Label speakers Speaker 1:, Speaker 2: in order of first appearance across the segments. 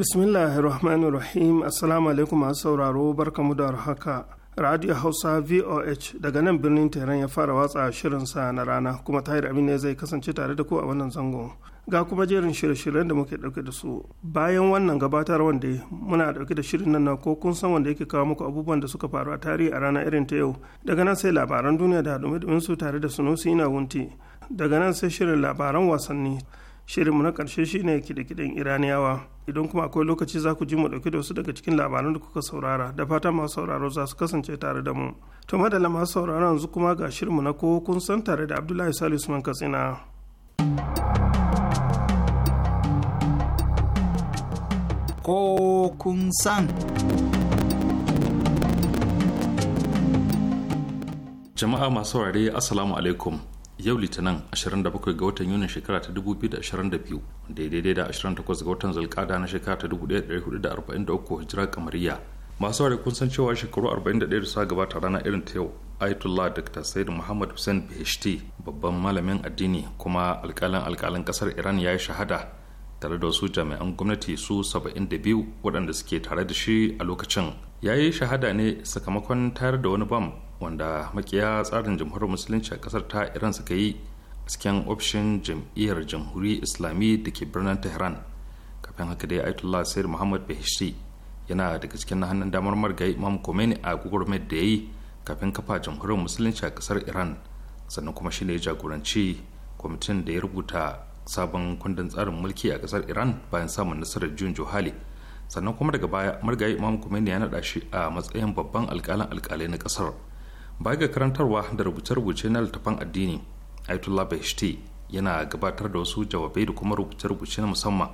Speaker 1: bismillahir rahmanir rahim assalamu alaikum masu sauraro barkamu da haka radio hausa voh daga nan birnin tehran ya fara watsa shirin sa na rana kuma tahir abin ne zai kasance tare da ku a wannan zango. ga kuma jerin shirye-shiryen da muke dauke da su bayan wannan gabatar wanda muna dauke da shirin nan na ko kun san wanda yake kawo muku abubuwan da suka faru a tarihi a rana irin ta yau daga nan sai labaran duniya da dumi su tare da sunusi na wunti daga nan sai shirin labaran wasanni shirinmu na ƙarshe shine kide-kiden iraniyawa idan kuma akwai lokaci za ku ji mu ɗauki da wasu daga cikin labaran da kuka saurara da fata masu sauraro za su kasance tare da mu to madalla masu sauraro yanzu kuma ga shirinmu na ko kun san tare da abdullahi salisu man katsina
Speaker 2: ko kun san
Speaker 3: jama'a masu saurare assalamu alaikum yau litinin 27 ga watan yunin shekara ta 2022 da daidai da 28 ga watan zulkada na shekara ta 1443 hijira kamariya masu ware kun san cewa shekaru 41 da suka gabata rana irin ta yau ayatollah dr said muhammad hussein bht babban malamin addini kuma alkalin alkalin kasar iran ya yi shahada tare da wasu jami'an gwamnati su 72 waɗanda suke tare da shi a lokacin ya yi shahada ne sakamakon tayar da wani bam wanda makiya tsarin jamhuriyar musulunci a kasar ta iran suka yi a cikin ofishin jam'iyyar jamhuri islami da ke birnin tehran kafin haka dai ayatollah sayyid muhammad bahishti yana daga cikin na hannun damar margayi imam komeni a gugurmar da ya yi kafin kafa jamhuriyar musulunci a kasar iran sannan kuma shine jagoranci kwamitin da ya rubuta sabon kundin tsarin mulki a kasar iran bayan samun nasarar juyin johali sannan kuma daga baya margayi imam komeni ya naɗa shi a matsayin babban alƙalin alkalai na kasar ba ga karantarwa da rubuce-rubuce na littafan addini ayatollah bahishti yana gabatar da wasu jawabai da kuma rubuce-rubuce na musamman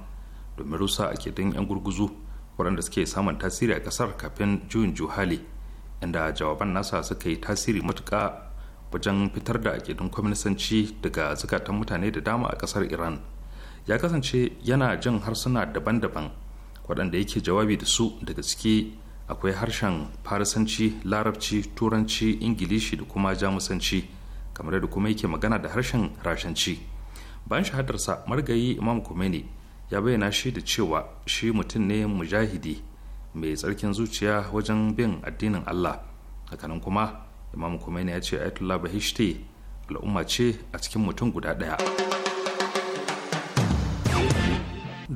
Speaker 3: domin rusa a kedin 'yan gurguzu waɗanda suke samun tasiri a ƙasar kafin juyin juhali inda jawaban nasa suka yi tasiri matuƙa wajen fitar da aƙidun kwaminisanci daga zukatan mutane da dama a ƙasar iran ya kasance yana jin harsuna daban-daban waɗanda yake jawabi da su daga ciki akwai harshen farisanci larabci turanci ingilishi da kuma jamusanci kamar da kuma yake magana da harshen rashanci bayan shahadarsa margayi imam kumeni ya bayyana shi da cewa shi mutum ne mujahidi mai tsarkin zuciya wajen bin addinin allah hakanan kuma imam kumeni ya ce ayatollah bahishti al'umma ce a cikin mutum guda ɗaya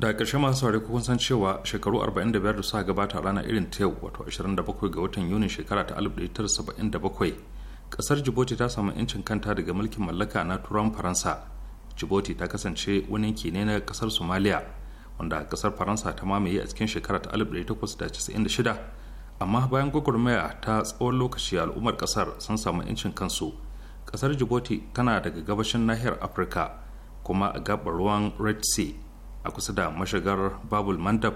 Speaker 3: da ƙarshe masu saurari kun san cewa shekaru 45 da suka gabata a ranar irin ta yau wato 27 ga watan yuni shekara ta 1977 ƙasar jiboti ta samu 'yancin kanta daga mulkin mallaka na turan faransa jiboti ta kasance wani yanki ne na ƙasar somalia wanda ƙasar faransa ta mamaye a cikin shekara ta 1896 amma bayan gwagwarmaya ta tsawon lokaci al'ummar ƙasar sun samu 'yancin kansu ƙasar jibuti tana daga gabashin nahiyar afirka kuma a gabar ruwan red sea a kusa da mashigar babul mandab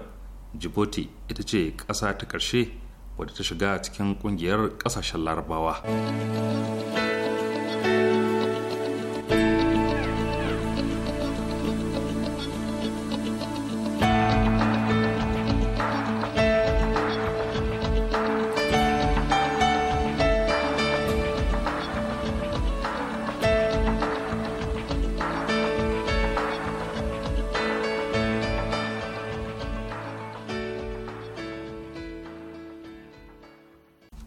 Speaker 3: djibouti ita ce ƙasa ta ƙarshe wadda ta shiga cikin ƙungiyar ƙasashen larabawa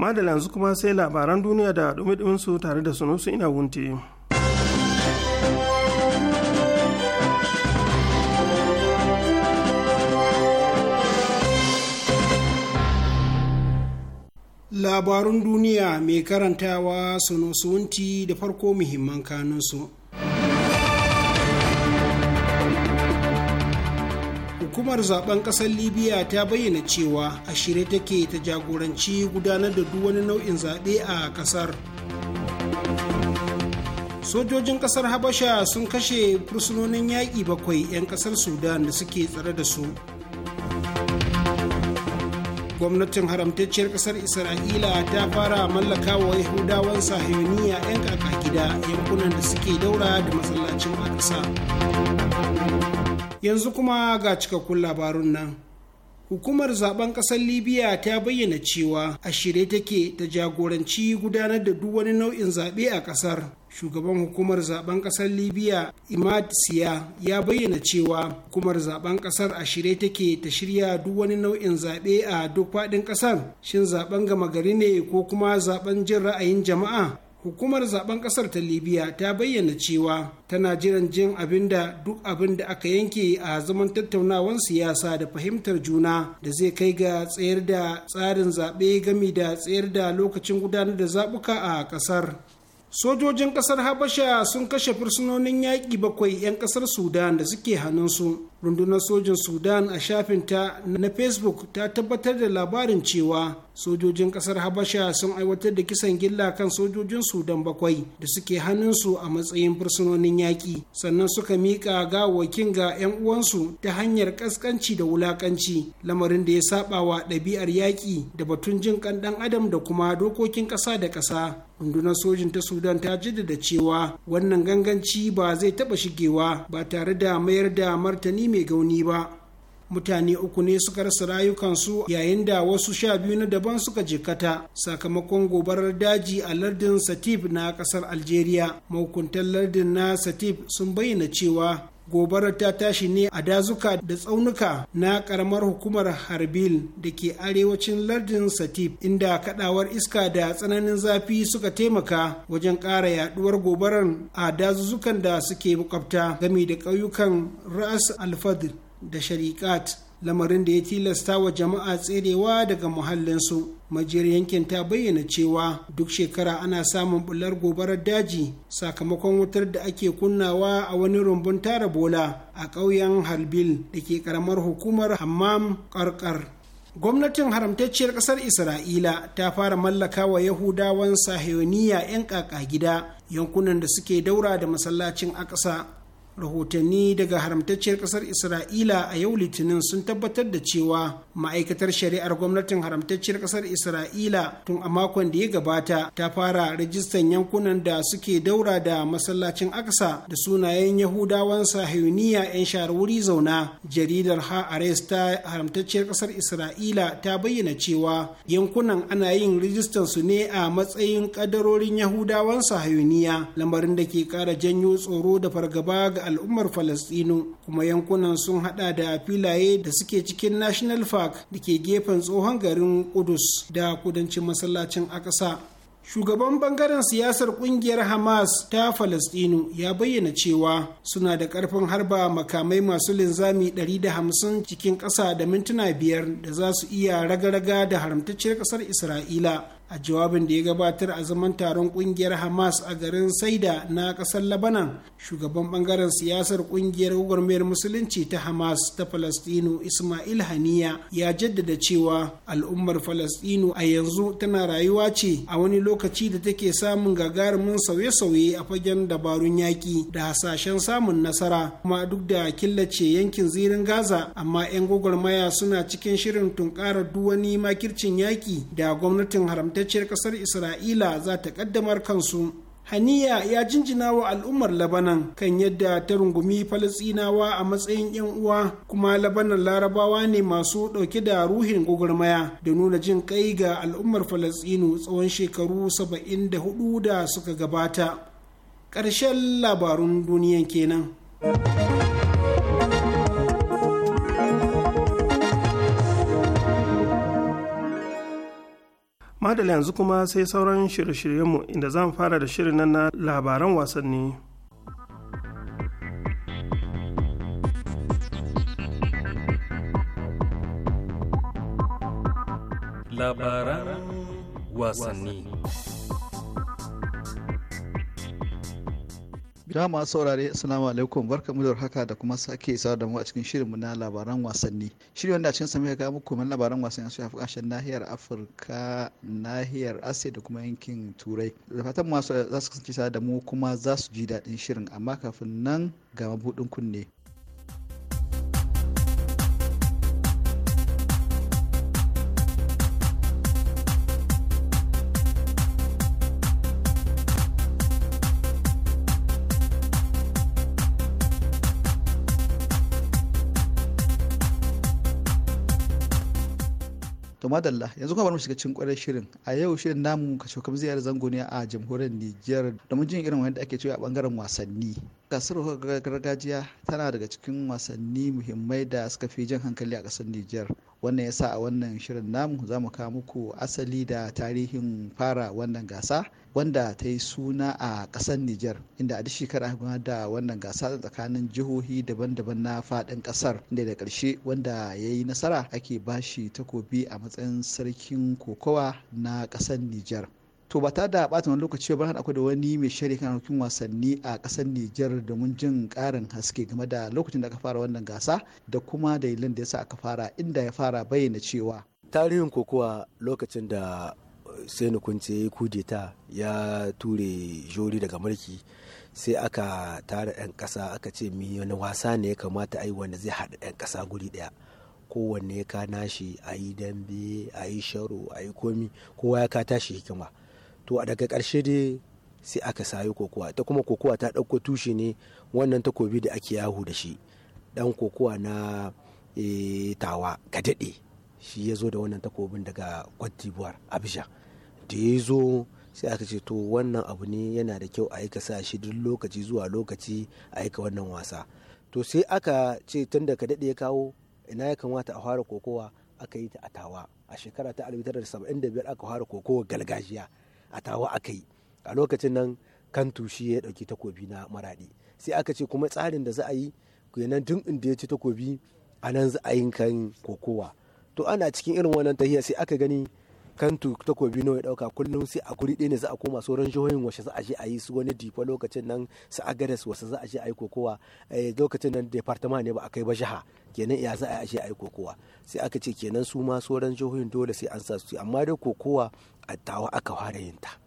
Speaker 1: madala yanzu kuma sai labaran duniya da dumi su tare da sunusu ina wunti.
Speaker 4: labarun duniya mai karantawa wunti da farko muhimman kanunsu hukumar zaben kasar libya ta bayyana cewa a shirye take ta jagoranci gudanar da duk wani nau'in zaɓe a kasar sojojin kasar habasha sun kashe fursunonin yaƙi bakwai 'yan kasar sudan da suke tsare da su gwamnatin haramtacciyar kasar isra'ila ta fara mallaka wa yahudawan sahiyoniya 'yan kaka gida yankunan da suke daura da masallacin akasa yanzu kuma ga cikakkun labarun nan hukumar zaben ƙasar libya ta bayyana cewa a shirye take ta jagoranci gudanar da duk wani nau'in zaɓe a ƙasar shugaban hukumar zaben ƙasar libya imad siya ya bayyana cewa hukumar zaben ƙasar a shirye take ta shirya duk wani nau'in zaɓe a duk faɗin ƙasar shin zaben gama gari ne ko kuma zaben jin ra'ayin jama'a hukumar zaben kasar ta libya ta bayyana cewa tana jiran jin abin da duk abin da aka yanke a zaman tattaunawan siyasa da fahimtar juna da zai kai ga tsayar da tsarin zaɓe gami da tsayar da lokacin gudanar da zaɓuka a ƙasar sojojin ƙasar habasha sun kashe fursunonin yaƙi bakwai 'yan ƙasar sudan da suke hannunsu rundunar sojin sudan a shafinta na facebook ta tabbatar da labarin cewa sojojin kasar habasha sun aiwatar da kisan gilla kan sojojin sudan bakwai da suke hannunsu a matsayin fursunonin yaƙi sannan suka miƙa gawakin ga 'yan uwansu ta hanyar ƙasƙanci da wulaƙanci lamarin da ya saba wa ɗabi'ar yaƙi da batun jin kan ɗan adam da kuma dokokin ƙasa da ƙasa rundunar sojin ta sudan ta jaddada cewa wannan ganganci ba zai taɓa shigewa ba tare da mayar da martani mai gauni ba mutane uku ne suka rasa rayukansu yayin da wasu sha biyu na daban suka jikata sakamakon gobarar daji a lardin satib na kasar algeria mahukuntan lardin na satib sun bayyana cewa gobarar ta tashi ne a dazuka da tsaunuka na karamar hukumar harbil da ke arewacin lardin satif inda kadawar iska da tsananin zafi suka taimaka wajen ƙara yaduwar gobarar a dazuzzukan da suke makwabta gami da ƙauyukan ras alfadr da sharikat lamarin da ya tilasta wa jama'a tserewa daga muhallinsu majiyar yankin ta bayyana cewa duk shekara ana samun bular gobarar daji sakamakon wutar da ake kunnawa a wani rumbun tara bola a ƙauyen halbil da ke ƙaramar hukumar hammam ƙarƙar gwamnatin haramtacciyar ƙasar isra'ila ta fara mallaka wa yahudawan sahiyoniya 'yan ƙaƙa gida yankunan da suke daura da masallacin aƙasa. rahotanni daga haramtacciyar ƙasar isra'ila a yau litinin sun tabbatar da cewa ma'aikatar shari'ar gwamnatin haramtacciyar kasar isra'ila tun a makon da ya gabata ta fara rajistan yankunan da suke daura da masallacin aksa da sunayen yahudawan sahiyuniya 'yan shahar wuri zauna jaridar ha'ares ta haramtacciyar kasar isra'ila ta bayyana cewa yankunan ana yin rajistan su ne a matsayin kadarorin yahudawan sahiyuniya lamarin da ke kara janyo tsoro da fargaba ga al'ummar falastinu kuma yankunan sun hada da filaye da suke cikin national park park da ke gefen tsohon garin kudus da kudancin masallacin akasa shugaban bangaren siyasar kungiyar hamas ta falastinu ya bayyana cewa suna da karfin harba makamai masu linzami 150 cikin ƙasa da mintuna biyar da za su iya raga-raga da haramtacciyar ƙasar isra'ila a jawabin da ya gabatar a zaman taron kungiyar hamas a garin saida na kasar labanan shugaban bangaren siyasar kungiyar gwagwarmayar musulunci ta hamas ta falastinu ismail haniya ya jaddada cewa al'ummar falastinu a yanzu tana rayuwa ce a wani lokaci da take samun gagarumin sauye-sauye a fagen dabarun yaƙi da hasashen samun nasara kuma duk da killace yankin zirin gaza amma 'yan gwagwarmaya suna cikin shirin tunkarar duk wani makircin yaƙi da gwamnatin haramta haramtacciyar ƙasar isra'ila za ta ƙaddamar kansu haniya ya jinjina wa al'ummar labanan kan yadda ta rungumi falasinawa a matsayin 'yan uwa kuma labanan larabawa ne masu ɗauke da ruhin gwagwarmaya da nuna jin kai ga al'ummar falasinu tsawon shekaru 74 da suka gabata ƙarshen labarun duniyan kenan.
Speaker 1: madala yanzu kuma sai sauran shirye-shiryenmu inda zan fara da shirin nan na labaran wasanni
Speaker 3: labaran wasanni
Speaker 2: Bira masu saurare Assalamu alaikum barkamu da haka da kuma sake sa da mu a cikin shirinmu na labaran wasanni. Shirin wanda a cikin sami ga muku man labaran wasanni a shafi kashin nahiyar Afirka, nahiyar Asiya da kuma yankin Turai. Da fatan masu za su kasance da mu kuma za su ji daɗin shirin amma kafin nan ga mabuɗin kunne. to madalla yanzu kuma bari mu shiga cikin kwarar shirin a yau shirin namu ka shokam ziyar zango ne a jamhuriyar Nijar domin jin irin wanda ake cewa a bangaren wasanni gasar gargajiya tana daga cikin wasanni muhimmai da suka fi jan hankali a kasar Nijar wannan yasa a wannan shirin namu za mu kawo muku asali da tarihin fara wannan gasa wanda ta yi suna a ƙasar Nijar inda a duk shekara aka da wannan gasa tsakanin jihohi daban-daban na faɗin ƙasar inda da ƙarshe wanda ya yi nasara ake ba bashi takobi a matsayin sarkin kokowa na ƙasar Nijar. to ba ta da ɓata wani lokaci ba akwai da wani mai shari kan harkokin wasanni a ƙasar Nijar domin jin ƙarin haske game da lokacin da aka fara wannan gasa da kuma dalilin da yasa aka fara inda ya fara bayyana cewa
Speaker 5: tarihin kokowa lokacin da sai kunce kudeta ya ture jori daga mulki sai aka tara 'yan kasa aka ce mi wani wasa ne ya kamata a yi wanda zai haɗa 'yan kasa guri ɗaya kowanne ya ka nashi a yi dambe a yi sharo a yi komi kowa ya ka tashi hikima to a daga karshe dai sai aka sayi kokowa ta kuma kokowa ta ɗauko tushe ne wannan takobi da ake yahu da shi ɗan kokowa na eh, tawa ka daɗe shi ya zo da wannan takobin daga cote d'ivoire abidjan da ya zo sai aka ce to wannan abu ne yana da kyau a yi ka sa shi duk lokaci zuwa lokaci a yi ka wannan wasa to sai aka ce tun da ka daɗe ya kawo ina ya kamata a fara kokowa aka yi ta a tawa a shekara ta 1975 aka fara kokowa gargajiya a tawa aka yi a lokacin nan kantu shi ya ɗauki takobi na maraɗi sai aka ce kuma tsarin da za a yi kenan tun inda ya ci takobi a nan za a yi kan kokowa to ana cikin irin wannan tahiya sai aka gani kantu takobi nawa ya dauka kullum sai a guri ɗaya ne za a koma sauran jihohin wasu za a je a yi su wani difa lokacin nan su agares wasu za a je a yi kokowa eh, lokacin nan departement ne ba a kai ba jiha kenan iya za a je a yi kokowa sai aka ce kenan su ma sauran jihohin dole sai an sa su amma dai kokowa a tawa aka fara yin ta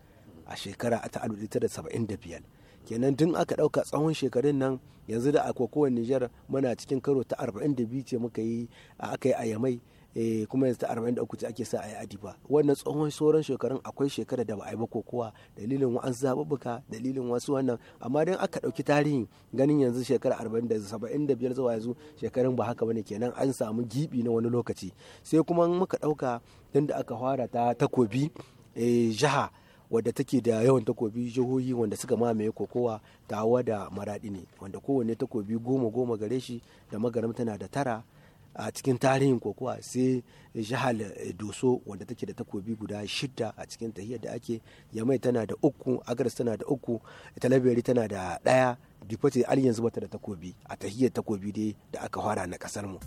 Speaker 5: a shekara ta biyar kenan tun aka ɗauka tsawon shekarun nan yanzu da a kokowar Nijar muna cikin karo ta 42 ce muka yi a aka yi a Yamai E kuma yanzu ta 43 ce ake sa a yi adiba wannan tsohon sauran shekarun akwai shekara da ba a yi ba kokowa dalilin wa'an zaɓuɓɓuka dalilin wasu wannan amma dan aka ɗauki tarihin ganin yanzu shekara arba'in da 75 zuwa yanzu shekarun ba haka bane kenan an samu giɓi na wani lokaci sai kuma muka ɗauka tun da aka fara ta takobi eh, jiha wadda take da yawan takobi jihohi wanda suka mamaye kokowa tawa da maraɗi ne wanda kowanne takobi goma goma gare shi da magaram tana da tara a cikin tarihin kokowa sai jihar eh, doso wanda take da takobi guda shida a cikin tahiyar da ake yamai tana da uku agaras tana da uku talabiri tana da daya dipoti al yanzu bata da takobi a tahiyar takobi dai da aka fara na kasar mu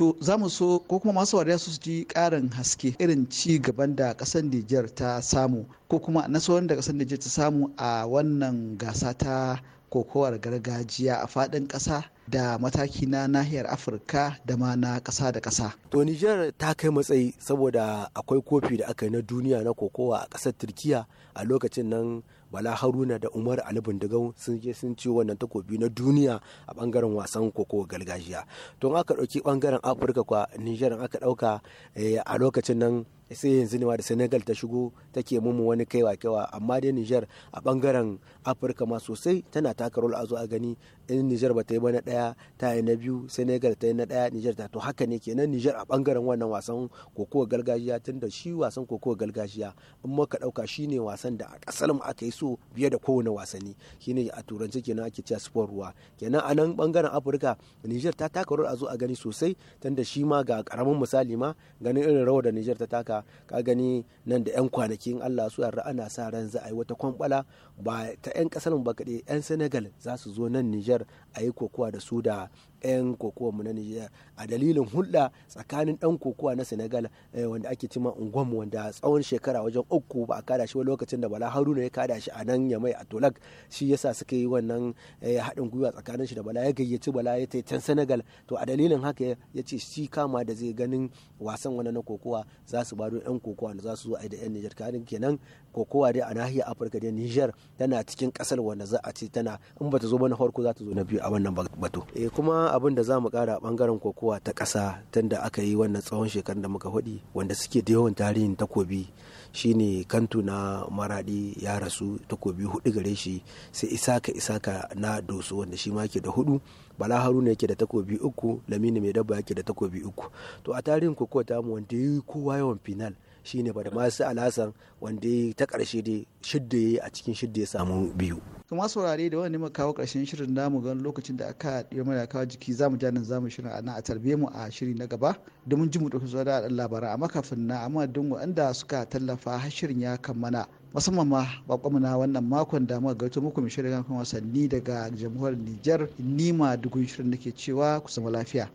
Speaker 2: to za mu so ko kuma masu wariya su ji karin haske irin ci gaban da kasar Nijar ta samu ko kuma nasarar da kasar Nijar ta samu a wannan gasa ta kokowar gargajiya a faɗin ƙasa da mataki na nahiyar afirka da ma na ƙasa da ƙasa.
Speaker 5: to nijar ta kai matsayi saboda akwai kofi da aka yi na duniya na kokowa a ƙasar turkiya a lokacin nan bala haruna da umar ali bindigau sun je sun ci wannan takobi na duniya a bangaren wasan koko gargajiya to aka ɗauki bangaren afirka kwa nijar aka ɗauka eh, a lokacin nan sai yanzu ne da senegal ta shigo take mumu wani kaiwa kaiwa amma dai niger a bangaren afirka ma sosai tana taka rol a zo a gani in niger ba ta yi ba na daya ta yi na biyu senegal ta yi na daya niger ta to haka ne kenan niger a bangaren wannan wasan kokowa gargajiya tun da shi wasan kokowa gargajiya in ka dauka shine wasan da a kasar mu aka yi so biye da kowane wasanni shine a turanci kenan ake cewa sport ruwa kenan a nan bangaren afirka niger ta taka rol a zo a gani sosai tun da shi ma ga karamin misali ma ganin irin rawar da niger ta taka ka gani nan da 'yan kwanakin Allah su yarda ana sa ran za a yi wata kwamfala. ba ta 'yan kasar mu ba kaɗai 'yan senegal za su zo nan niger a yi kokowa da su da 'yan kokowa mu na niger a dalilin hulɗa tsakanin ɗan kokowa na senegal eh, wanda ake cima ungwam wanda tsawon shekara wajen uku ba a kada shi wani lokacin da bala haruna ya kada shi a nan ya mai a tolak shi yasa suka yi wannan eh, haɗin gwiwa tsakanin shi da bala ya gayyaci bala ya tai can senegal to a dalilin haka ya ce shi kama da zai ganin wasan wani na kokowa za su bado 'yan kokowa da za su zo a yi da 'yan niger kenan kokowa dai a nahiyar afirka da niger tana cikin kasar wanda za a ce tana in bata zo bana na farko za ta zo na biyu a wannan batu e kuma abin da za mu kara bangaren kokowa ta kasa tunda aka yi wannan tsawon shekarun da muka hudi wanda suke da yawan tarihin takobi shine kantu na maradi ya rasu takobi hudu gare shi sai isaka isaka na doso wanda shi ma yake da hudu bala haruna yake da takobi uku lamini mai dabba yake da takobi uku to a tarihin kokowa ta mu wanda yi kowa yawan final shine ba da masu alasan wanda ya ta karshe dai shidda ya yi a cikin shidda ya samu biyu
Speaker 2: kuma saurare da wani muka kawo karshen shirin namu gan lokacin da aka yi mana kawo jiki zamu ja nan zamu shirin a a tarbe mu a shiri na gaba domin jin mu dauki zuwa da labaran amma kafin na amma don wanda suka tallafa har shirin ya kammala musamman ma bakwai na wannan makon da muka gaito muku shirin kan wasanni daga jamhuriyar Nijar Nima dugun shirin da cewa ku zama lafiya.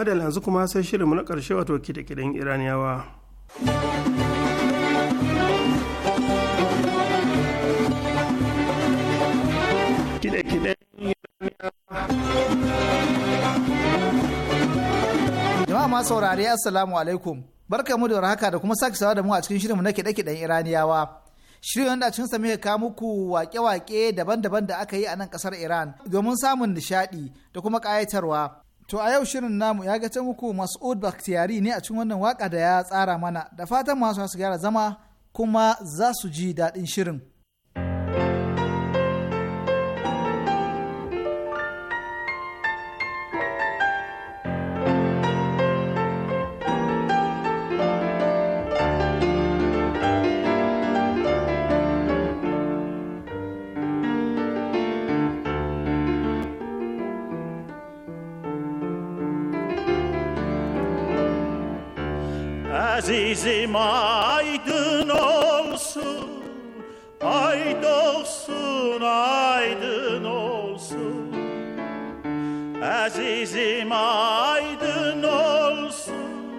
Speaker 1: madal yanzu kuma sai shirinmu na ƙarshe wato kiɗe iraniyawa
Speaker 2: jama'a ma saurari assalamu alaikum barka mu da haka da kuma sake sawa da mu a cikin shirinmu na kiɗe iraniyawa shirin wanda cikin sami ka muku wake-wake daban-daban da aka yi a nan kasar iran domin samun nishaɗi da kuma ƙayatarwa To a yau shirin namu ya gace muku Mas'ud Bakhtiyari ne a cikin wannan waka da ya tsara mana da fatan masu su gyara zama kuma za su ji daɗin shirin.
Speaker 6: Bizim aydın olsun Ay doğsun aydın olsun Azizim aydın olsun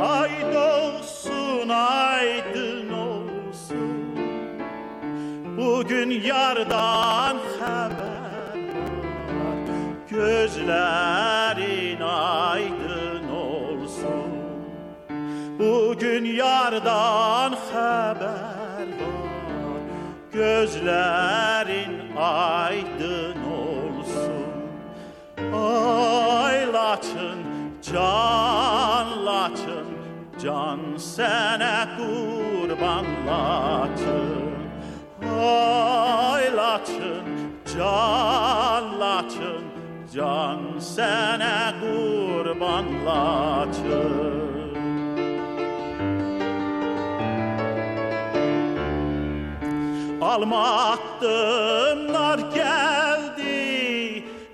Speaker 6: Ay doğsun aydın olsun Bugün yardan haber var Gözlerin aydın Gün yardan haber var Gözlerin aydın olsun Aylatın, canlatın Can sene kurbanlatın Aylatın, canlatın Can sene kurbanlatın Almaktım geldi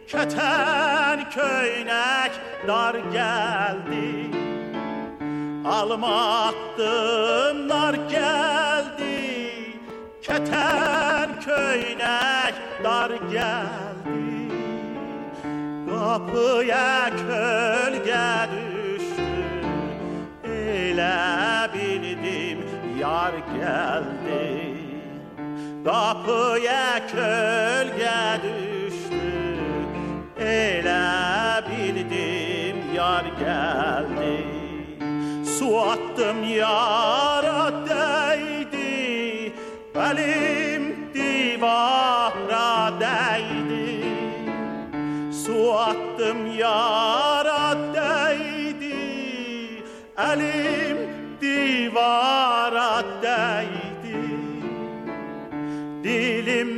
Speaker 6: Köten köynek dar geldi Almaktım geldi Keten köynek dar geldi Kapıya kölge
Speaker 7: düştü
Speaker 6: Eyle bildim yar geldi Kapıya kölge düştü Elə bildim yar geldi Su attım yara değdi Elim divara değdi Su attım yara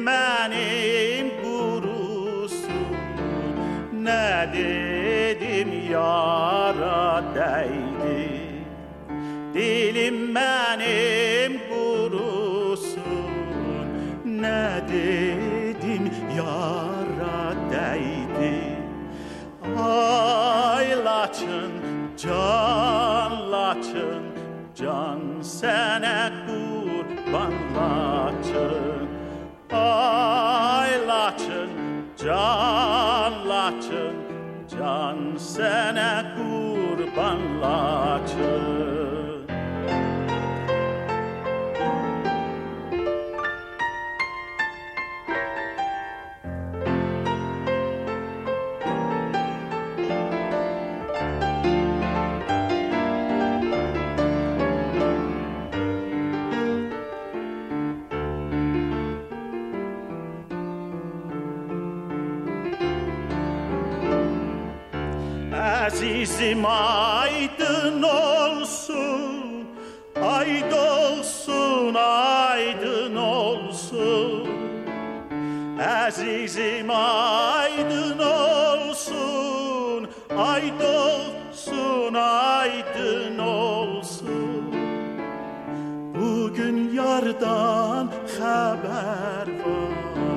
Speaker 6: benim kurusun Ne dedim yara değdi Dilim benim kurusun Ne dedim yara değdi Aylaçın, canlaçın, can sənət and I. azizim aydın olsun Ayd olsun aydın olsun Azizim aydın olsun Ayd olsun aydın olsun Bugün yardan haber var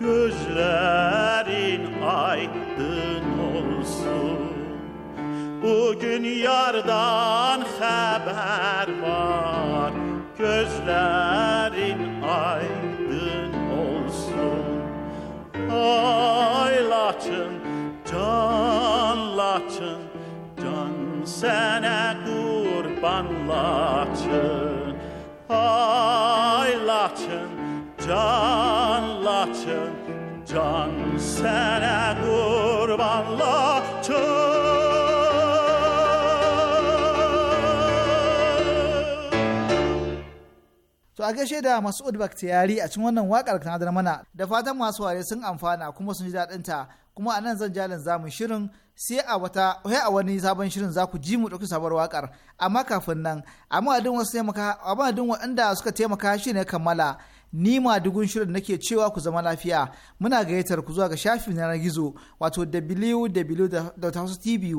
Speaker 6: Gözlerin aydın olsun Bugün yardan haber var Gözlerin aydın olsun Aylatın, canlatın Can sana kurbanlatın Aylatın, canlatın Can sana kurbanlatın
Speaker 2: a gaishe da masu Mas'ud Baktiyari a cikin wannan wakar kanadar mana da fatan masu ware sun amfana kuma sun ji daɗin ta kuma a nan zan jalin zamu shirin sai a wata sai a wani sabon shirin za ku ji mu ɗauki sabon wakar amma kafin nan amma adin wasu taimaka amma adin waɗanda suka taimaka shi ne kammala ni ma dugun shirin nake cewa ku zama lafiya muna gayyatar ku zuwa ga shafin na gizo wato wwwtv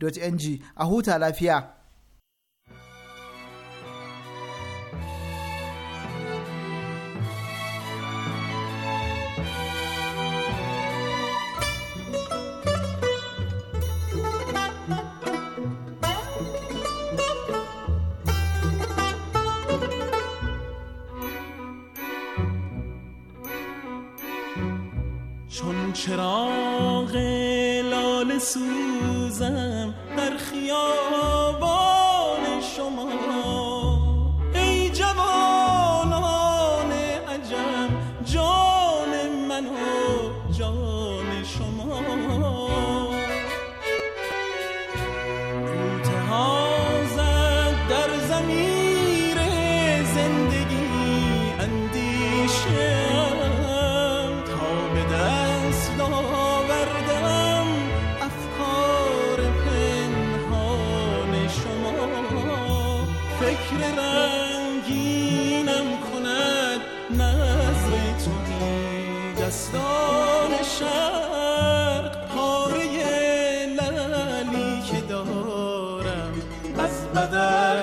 Speaker 2: 1ng a huta lafiya.
Speaker 8: چراغ لال سوزم در خیال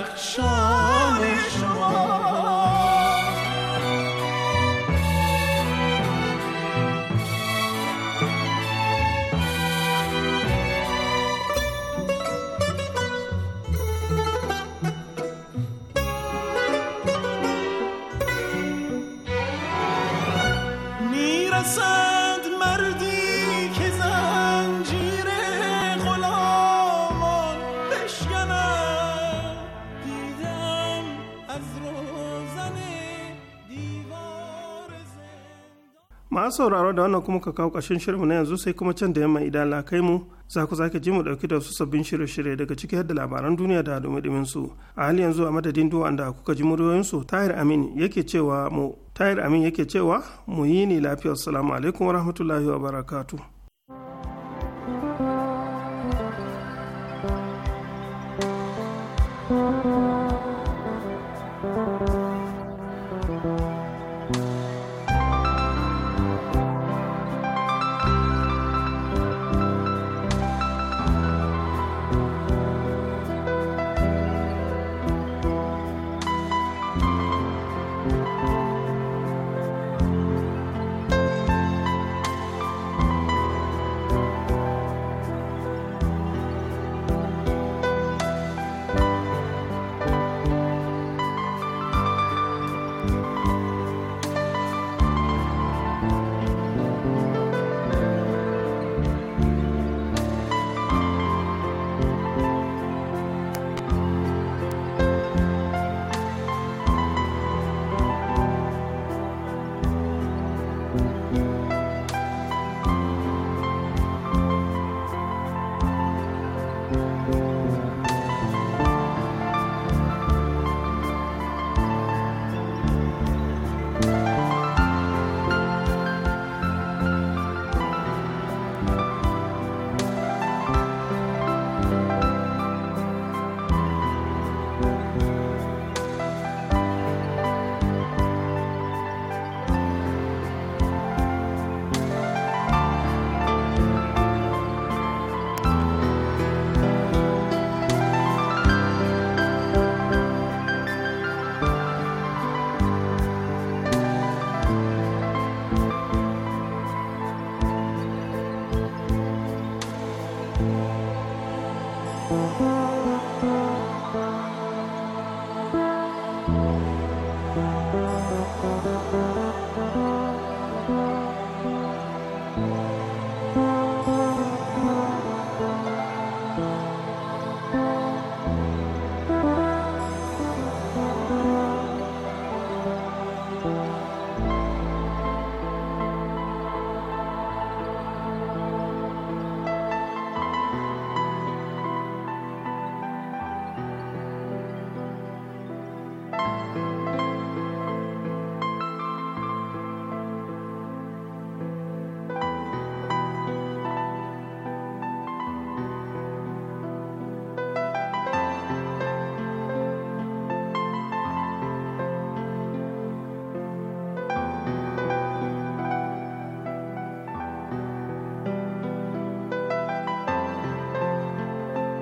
Speaker 8: Yorkshire.
Speaker 1: sauraro da wannan kuma ka kawo ƙarshen shirinmu na yanzu sai kuma can da yamma idan lakai mu za ku zaki ji mu ɗauki da wasu sabbin shirye-shirye daga ciki da labaran duniya da dumi su a hali yanzu a madadin duwa da kuka ji su tahir amin yake cewa mu tahir amin yake cewa mu yi ni lafiyar salamu alaikum wa barakatu.
Speaker 7: Mm-hmm.